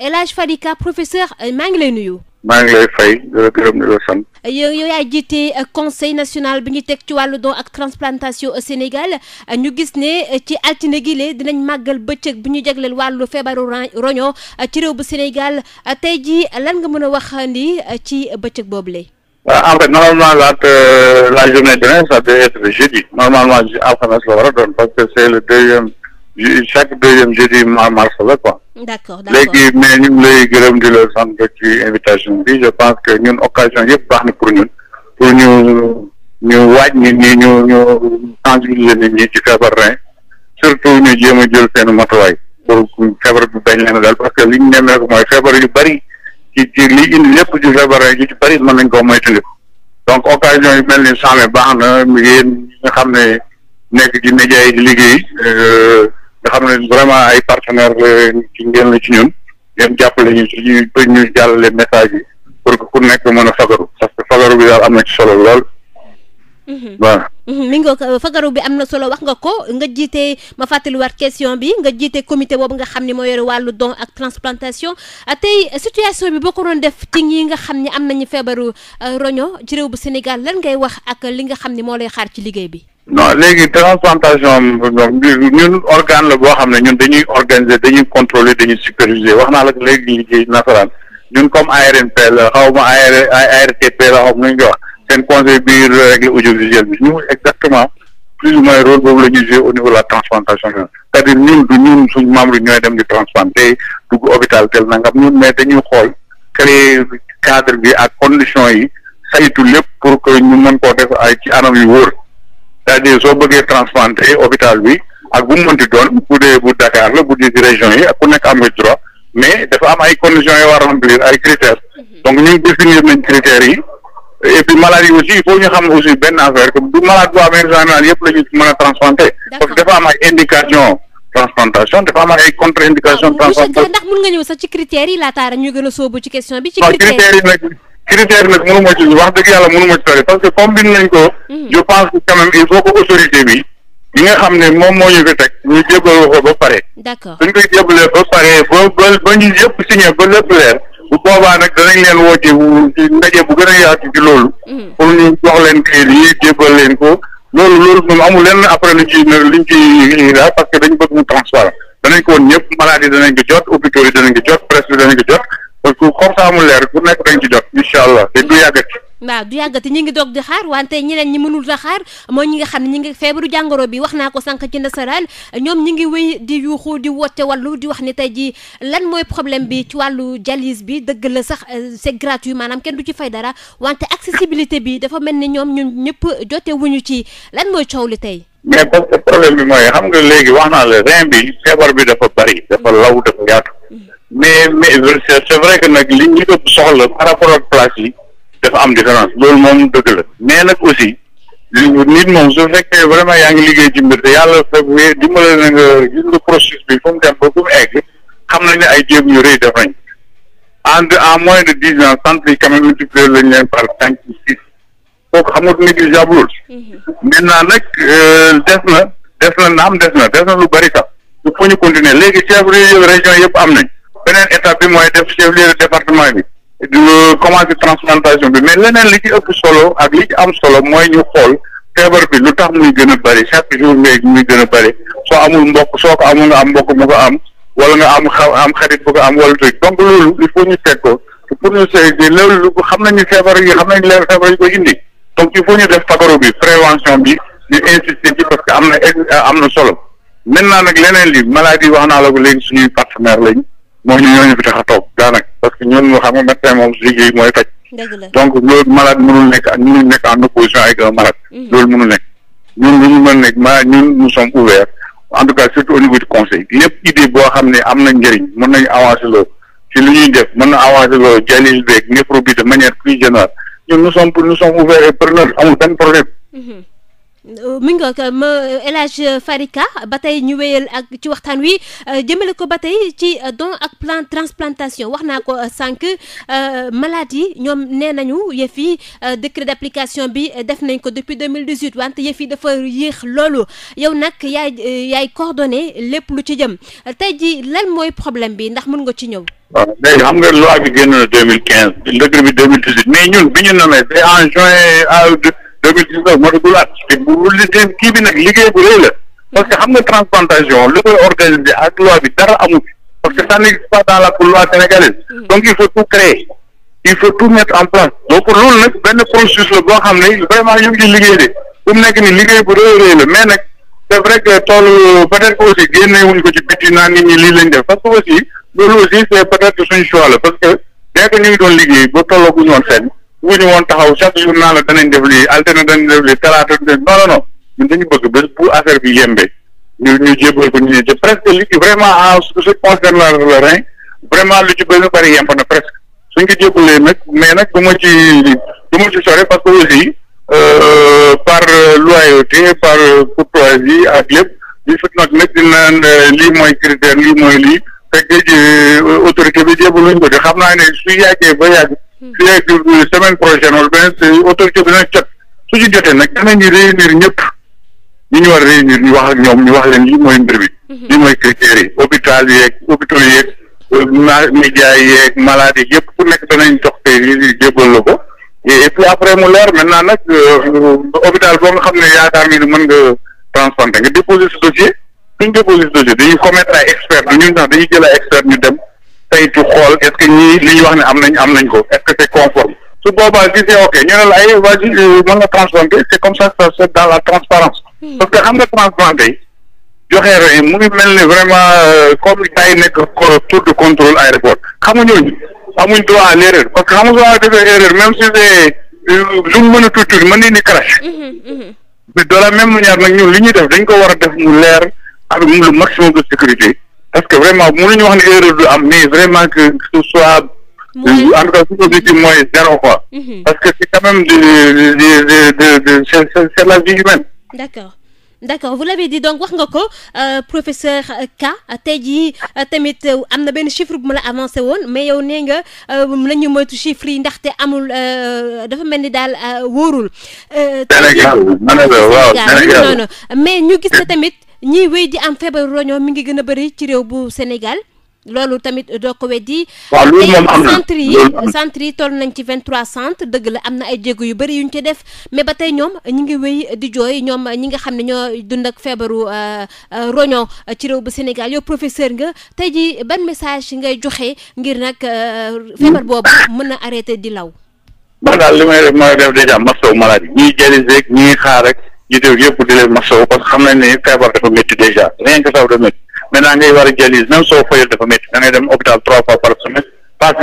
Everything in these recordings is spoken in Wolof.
El Hadj Fadika professeur euh, maa ngi lay nuyu. maa ngi lay fay gërëm di la sant. yow yow jiite euh, conseil national bi ñu teg ci wàllu don ak transplantation Sénégal euh, ñu gis ne ci altine gi lee dinañ màggal bëccëg bu ñu jagleel wàllu feebaru roño ci réew bu Sénégal tey jii lan nga mën a wax ni ci bëccëg boobu la. en fait normalement la la journée demain ça devait être jeudi normalement alxames la war a doon parce que c'est le deuxième. chaque deuxième jeudi mars la quoi. léegi mais ñu ngi lay gërëm di la sant ci invitation bi je pense que ñun occasion yëpp baax na pour ñun pour ñu ñu waaj nit ñi ñu ñu sensibiliser nit ñi ci feebar ren surtout ñu jéem a jël seen matuwaay pour feebar bi bañ leen daal parce que li ñu nemmeeku mooy feebar yu bari ci ci li indi lépp ci feebar ren yu ci bari mën nañ koo moytandiku donc occasion yu mel ni sànni baax na yéen ñi nga xam ne nekk ci média yi di liggéey. Euh, xam ne vraiment ay partenaires ci ngeen la ci ñun ngeen jàppale ñu ci ñu ñu jàllale message yi pour ku nekk mën a fagaru parce que fagaru bi daal am na solo mhm. Mhm. bi am na solo wax nga ko nga jiite ma fàttaliwaat question bi nga jiite comité boobu nga xam ni moo yore wàllu don ak transplantation ah, tey situation bi boo ko doon def ci ñi nga xam ni am na nañu feebaru euh, roño ci réew bu Sénégal lan ngay wax ak li nga xam ni moo lay xaar ci liggéey bi. non léegi transplantation ñun organe la boo xam ne ñun dañuy organiser dañuy contrôler dañuy superviser wax naa la léegi nasaraan ñun comme ARNP xaw ma ARTP la xaw ma nu ñu wax seen conseil bi régler audiovisuel bi ñu exactement plus ou moins role boobu la ñuy joué au niveau de la transplantation c'est-à-dire ñun du ñun suñu membre ñooy dem di transplanté dugg hôpital tel nangam ñun mais dañuy xool créer cadre bi ak condition yi saytu lépp pour que ñu mën koo def ay ci anam yu wóor c'est-à-dire soo bëggee transplanter hôpital bi ak bu mu doon bu dee bu Dakar la bu dee ci yi ak ku nekk am nga droit mais dafa am ay conditions yoo a remplir ay critères donc ñu définir nañ critères yi et puis aussi il faut xam aussi benn affaire que du malade bu amee général yëpp la mën a transplanter parce que dafa am ay indication transplantation dafa am ay contre indication ah, transplantation ndax mun nga ñëw sax ci critères a sóobu ci question critère nag mënu ma ci wax dëgg yàlla mënu ma ci sori parce que combine nañ ko mhm. je pense autorité bi yi nga xam ne moom moo ñu fi teg ñu jébbal ko ba pare suñ koy jébbalee ba pare ba ba ba ñu yëpp ba lépp leer bu boobaa nag danañ leen woote ci ndaje bu gën a yaatu loolu mhm. pour ñu wax leen kayit yi jébbal leen ko loolu loolu moom amul lenn après luñ ci liñ parce que dañ bëgg mu transparent danañ ko woon ñëpp malade yi danañ ko jot hôpitaux yi danañ ko jot presse danañ ko jot comme ça mu leer ku nekk dañ ci jot incha allah te du yàggati. waaw du yàggati ñi ngi doog di xaar wante ñeneen ñi mënul a xaar mooy ñi nga xam ne ñi ngi feebaru jàngoro bi wax naa ko sànq ci nasaraan ñoom ñi ngi wéy di yuuxu di woote wàllu di wax ni tey jii lan mooy problème bi ci wàllu jalis bi dëgg la sax euh, c'est gratuit maanaam kenn du ci fay dara wante accessibilité bi dafa mel ni ñoom ñun ñëpp jote wuñu ci lan mooy coow li tey. mais parce que problème bi mooy xam nga léegi wax naa la rein bi feebar bi dafa mais mais c'est vrai que nag li ñu ëpp soxla par rapport ak place yi dafa am différence loolu moom dëgg la mais nag aussi nit moom su fekkee vraiment yaa ngi liggéey ci mbir te yàlla fekk dimbale na nga gis nga bi fu dem ba fu mu egg xam nañ ne ay jéeg yu rëy def nañ en en moins de dix ans centres yi quand même multiplié lañ leen par cinq six kooku xam nga nit yi maintenant nag euh, des na des na naam des na des na lu bari sax il faut ñu continuer léegi chef région am nañ. beneen étape bi mooy def chef lieu département bi commencer transplantation bi mais leneen li ci ëpp solo ak li ci am solo mooy ñu xool feebar bi lu tax muy gën a bëri chaque jour ngay muy gën a bëri soo amul mbokk soo ko amul nga am mbokk mu ko am wala nga am xaw am xarit bu ko am wala tëj donc loolu il faut ñu teg ko pour ñu seet loolu xam nañu feebar yi xam nañu leen feebar yi ko indi donc il faut ñu def fagaru bi prévention bi ñu insister ci parce que am na am na solo maintenant nag leneen li maladie wax naa la léegi suñuy partenaire lañ mooy ne ñooñu fi tax a toog daanaka parce que ñooñu xam nga médecin moom liggéey mooy faj. donc loolu malade mënul nekk ak mënul nekk en opposition avec un malade. Mhm. loolu mënul nekk ñun lu ñu mën nekk ma ñun nous sommes ouverts en tout cas surtout au niveau du conseil lépp idée boo xam ne am na njëriñ mën nañu avancer loo ci li ñuy def mën na avancer loo dialyse beeg néphro bi de manière plus générale ñun nous sommes nous sommes ouverts et preneurs amul benn problème. Mhm. Euh, mi nga ko euh, ma euh, El farica Farika ba tey ñu wéyal ak ci waxtaan wi jëmale ko ba tey ci don ak plan transplantation wax naa ko sànq malade yi ñoom nee nañu yëf yi décret d'application bi def nañ ko depuis 2018 wante yëf yi dafa yéex loolu yow nag yaay yaay coordonné lépp lu ci jëm tey ji lan mooy problème bi ndax mën nga ci ñëw. waaw léegi xam nga loi bi génn na 2015 décret bi 2018 mais ñun bi ñu nommé c'est en juin deux mille dix neuf matagul at te bu liggéey kii bi nag liggéey bu rëy la parce que xam lu koy organiser ak loi bi dara amu fi parce que ça n'existe pas dans la loi sénégalaise mm. donc il faut tout créer il faut tout mettre en place donc loolu nag benn processus la boo xam ne vraiment ñu ngi liggéey de fu mu nekk ni liggéey bu rëy rëy mais nag c'est vrai que tool peut-être que aussi génne wuñ ko ci biti naa nit ñi lii lañ def parce que aussi bëgguñu woon taxaw chaque jour naa la danañ def lii alterné danañ def lii talaata non non non ñun dañu bëgg bés bu affaire bi yembe ñu ñu jébbal ko ñu ne te presque li ci vraiment en ce qui concerne le rein vraiment lu ci bëri bëri yemb na presque suñ ko jébbalee nag mais nag du ma ci du ma ci sore parce que aussi euh, par loyauté par courtoisie ak lépp li fi nag nag euh, lii mooy critère lii mooy lii fekk euh, autorité bi jébbaluñ ko de xam naa ne su yàggee ba yàgg. fii ak semaine prochaine wala beneen autorité bi nag jot su ci jotee nag danañu réunir ñëpp ñu ñu war a réunir ñu wax ak ñoom ñu wax leen lii mooy mbir bi mhm. lii mooy critères yi hôpital yeeg hôpitaux yeeg média yeeg maladie yëpp ku nekk danañ jox te lii jébbal la ko et après mu leer naa nag euh, hôpital boo nga xam ne yaakaar nga ni mën nga transplanter nga déposer ce dossier suñ déposer ce dossier dañuy commettre ay experts ñun sax dañuy jël ay experts ñu dem. saytu xool est-ce que ñii li ñu wax ne am nañ am nañ ko est-ce que c'est conforme su boobaa gis nga ok ñu ne la ay waa ji euh, mën nga transplanté c'est comme ça ça c'est dans la transparence hmm. parce que xam nga transplanté joxe rey mu ngi mel ni vraiment euh, comme day nekk tour de contrôle aéroport xam nga ñooñu amuñ droit à l'erreur parce que xam nga soo defee erreur même si c'est euh, lu mu mën a tuuti tuuti man nañu ni crash hmm, hmm, mais de la même manière nag ñun li ñuy def dañ ko war a def mu leer avec le maximum de sécurité parce que vraiment mënuñu wax ne erreur du am mais vraiment que ce soit en tout cas suñu objectif mooy zéro quoi mhm. parce que c'est quand même de de de c'est la vie humaine d'accord d'accord vous l'avez dit donc wax nga ko euh, professeur Ka tey jii euh, tamit euh, am na benn chiffre bu ma la avancé woon mais yow nee nga nañu moytu chiffre yi te amul dafa mel ni daal wóorul Sénégal ñu gis ne tamit ñi wéy di am feebaru roñoo mi ngi gën a bëri ci réew bu Sénégal loolu tamit doo ko weddi waaw yi centre yi toll nañ ci 23 centre dëgg la am na ay jéego yu bëri yu ñu ci def mais ba tey ñoom ñi ngi wéy di jooy ñoom ñi nga xam ne ñoo dund ak feebaru euh, euh, roño ci réew bu Sénégal yow professeur nga tey ji ban message ngay joxe ngir nag euh, feebar boobu mën na arrêté di law man daal li may def mooy def déjà masawu malade yi rek ñiy xaar rek jiitew yëpp di leen masawu parce que xam nañ ne feebar dafa métti déjà rien que ça dafa métti maintenant ngay war a dialyse même soo fayal dafa métti da ngay dem hôpital trois fois par semaine passe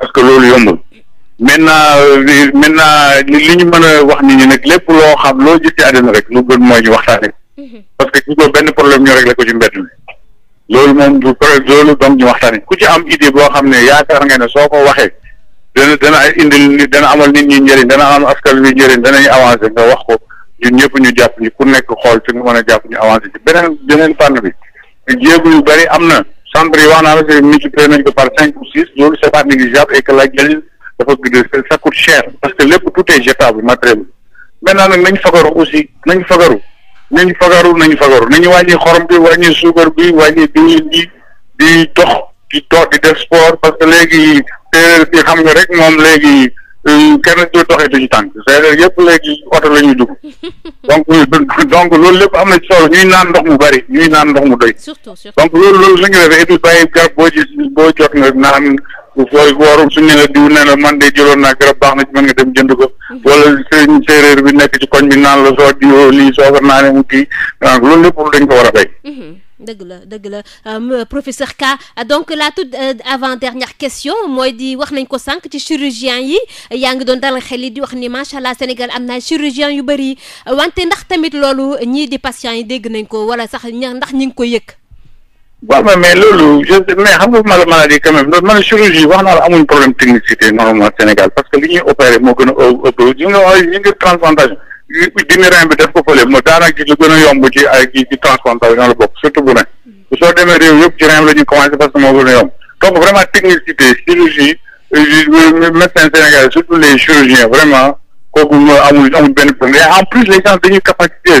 parce que loolu yombul maintenant euh, maintenant li ñu mën a wax nit ñi nag lépp loo xam loo gis ci àddina rek lu gën mooy ñu waxtaanee mm-hmm. parce que ñu ko benn problème ñu réglé ko ci mbedd mi loolu moom du loolu doon ñu waxtaanee ku ci am idée boo xam ne yaakaar nga ne soo ko waxee dana dana indil dana amal nit ñi njëriñ dana am askan wi njëriñ danañ avancé nga wax ko ñun ñëpp ñu jàpp ñu ku nekk xool ci nga mën a jàpp ñu avancer beneen beneen fànn bi jéego yu bari am na chambre wax naa la si multiplier nañ ko par cinq ou six loolu c'est pas négligeable et que la jël dafa gudd ça cher parce que lépp tout est jetable matériel maintenant nag nañ fagaru aussi nañ fagaru nañu fagaru nañu fagaru nañu wàññi xorom bi wàññi suukar bi wàññi diwlin bi di dox di dox di def sport parce que léegi téeréer xam nga rek moom léegi euh, kenn du doxee ci tànk cest yëpp léegi oto la ñuy dugg donc euh, donc loolu lépp am na ci solo ñuy naan ndox mu bari ñuy naan ndox mu doy donc loolu loolu la ñu defee et puis garab boo jot nga naan bu fooy warum suñ ne la diw ne man de jëloon naa garab baax na ci mën nga dem jënd ko wala sëriñ séeréer bi nekk ci koñ bi naan la soo diwoo lii soo ko naanee mu kii loolu lépp dañ ko war a fay. Mhm. dëgg la dëgg la euh, professeur Ka donc la toute euh, avant dernière question mooy di wax nañ ko sànq ci chirurgien yi yaa ngi doon dalal xel yi di wax ni macha allah Sénégal am na chirurgien yu bëri wante ndax tamit loolu ñii di patients yi dégg nañ ko wala sax ndax ñi ngi ko yëg. waaw mais mais loolu je mais xam nga mala maladie quand même loolu man chirurgie wax naa la amuñ problème technicité normalement Sénégal que li ñuy opéré moo gën a ëpp ñu nga wax ñu ngi transplantation dindi rein ko fële moo daanaka ci lu gën a yomb ci ay ci ci transplantation la bokk surtout bu rein mm. soo demee réew yëpp ci rein la ñu commencé parce que moo gën a m donc vraiment technicité chirurgie euh, euh, médecin Sénégal surtout les chirurgiens vraiment kooku amul amul benn problème en plus les gens dañuy capacité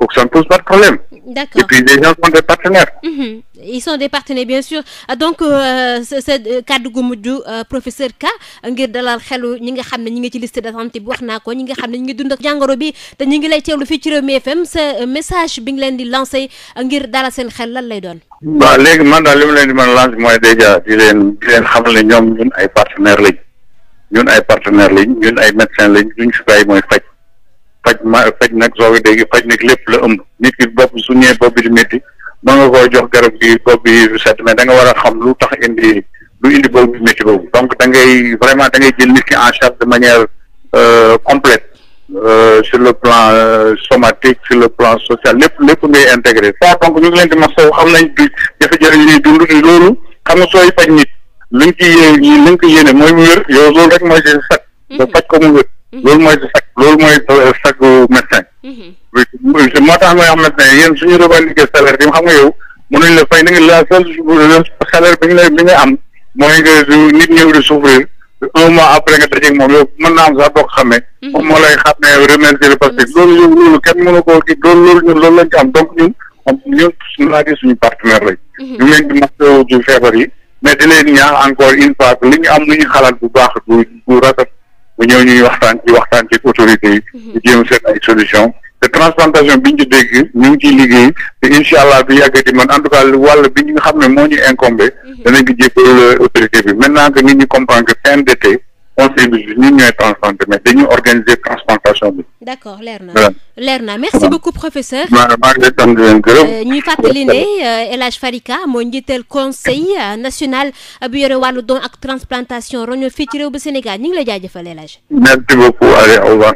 Donc ça ne pose pas de problème. D'accord. Et puis les gens sont des partenaires. Mhm. bien sûr ah, donc euh, c'est euh, kàddu gu mujj euh, professeur Ka ngir dalal xelu ñi nga xam ne ñi ngi ci liste d'attente bi wax naa ko ñi nga xam ne ñi ngi dund ak jàngoro bi te ñi ngi lay teewlu fii ci Rewmi FM sa message bi nga leen di lancé ngir dalal seen xel lan lay doon. waaw léegi man daal li ma leen di mën a lancé mooy déjà di leen di leen xamal ne ñoom ñun ay partenaires lañ ñun ay partenaires lañ ñun ay médecins lañ faj ma faj nag soo ko déggee faj nag lépp la ëmb nit ki bopp su bopp bi di métti mën nga koo jox garab gi bopp bi set mais da nga war a xam lu tax indi lu indi bopp bi métti boobu donc da ngay vraiment da ngay jël nit ki en charge de manière euh, complète euh, sur le plan euh, somatique sur le plan social lépp lépp ngay intégré ça donc ñu ngi leen di masawu xam nañ du jafe-jafe yi ñuy dund ci loolu xam mm-hmm. ko mu wér. Mhm. loolu mooy sag loolu mooy sagu médecin mhm. moo tax may wax médecin yéen suñu revendiqué salaire bi xam nga yow mënuñ la fay da nga la seule salaire bi nga bi nga am mooy nga nit ñëw di souffrir un mois après nga moom yow mën naa am sax boo ko xamee mhm. moom moo lay xam ne remercier parce que loolu koo kii loolu lañ ko am donc ñun am ñun maladie suñu partenaire lañ ñu ngi leen di masawu ci feebar yi mais di leen ñaax encore une fois li ñu am lu ñu xalaat bu baax bu bu bu ñëw ñuy waxtaan ci waxtaan ci autorités yi. ñu mhm. jéem seen ay solution te transplantation bi ñu ci dégg ñu ngi ciy liggéey te incha allah du yàgg man en tout cas wàll bi ñu nga xam ne moo ñu incombé mhm. danañ ko jébbal euh, autorité bi maintenant que nit ñi comprendre que fin te conseil bi ñun ñooy transplanté mais dañuy organiser transplantation bi. d' accord leer na leer na merci beaucoup professeur. maa maa ngi lay sant di leen gërëm. Euh, ñuy fàttali ne euh, El Hadj Farika mooy njiital conseil euh, national bu yore wall don ak transplantation roño fii ci réew bu Sénégal ñu ngi lay jaajëfal El Hadj. merci beaucoup allez au